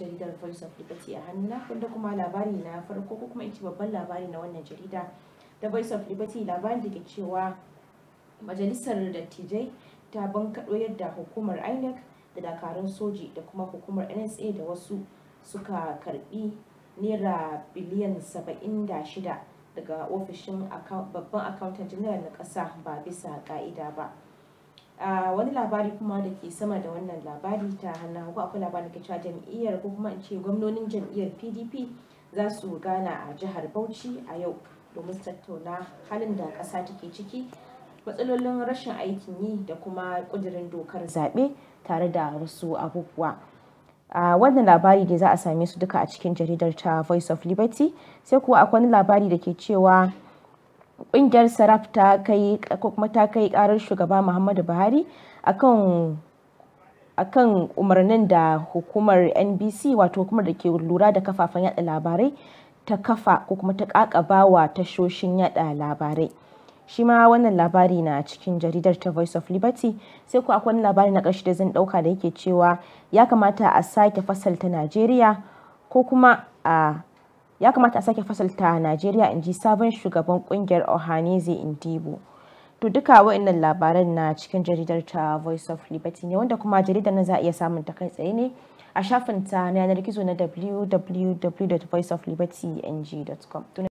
jaridar voice of liberty a hannuna wanda kuma labari na farko ko kuma ce babban labari na wannan jarida da voice of liberty labarin da ke cewa majalisar dattijai ta bankaɗo yadda hukumar inec da dakarun soji da kuma hukumar nsa da wasu suka karbi naira biliyan 76 daga ofishin babban akawuntan general na ƙasa ba bisa ka'ida ba wani labari kuma da ke sama da wannan labari ta hannun hagu akwai labarin da cewa jam'iyyar ko kuma in ce gwamnonin jam'iyyar pdp za su gana a jihar bauchi a yau domin su tattauna halin da ƙasa take ciki matsalolin rashin aikin yi da kuma ƙudurin dokar zaɓe tare da wasu abubuwa a wannan labari da za a same su duka a cikin jaridar ta voice of liberty sai kuwa akwai wani labari da ke cewa kungiyar saraf ta kai kuma ta kai karar shugaba muhammadu buhari akan akan umarnin da hukumar nbc wato hukumar da ke lura da kafafen yada labarai ta kafa ko kuma ta kakabawa tashoshin yada labarai shi ma wannan labari na cikin jaridar ta voice of liberty sai ku akwai labari na ƙarshe da zan ɗauka da yake cewa ya kamata a sake fasalta najeriya ko kuma a ya kamata a sake fasalta Najeriya in ji sabon shugaban kungiyar in dibo To duka wa'annan labaran na cikin jaridar ta Voice of Liberty ne wanda kuma jaridar na za a iya samun ta kai tsaye ne a shafin ta na yanar gizo na www.voiceofliberty.ng.com.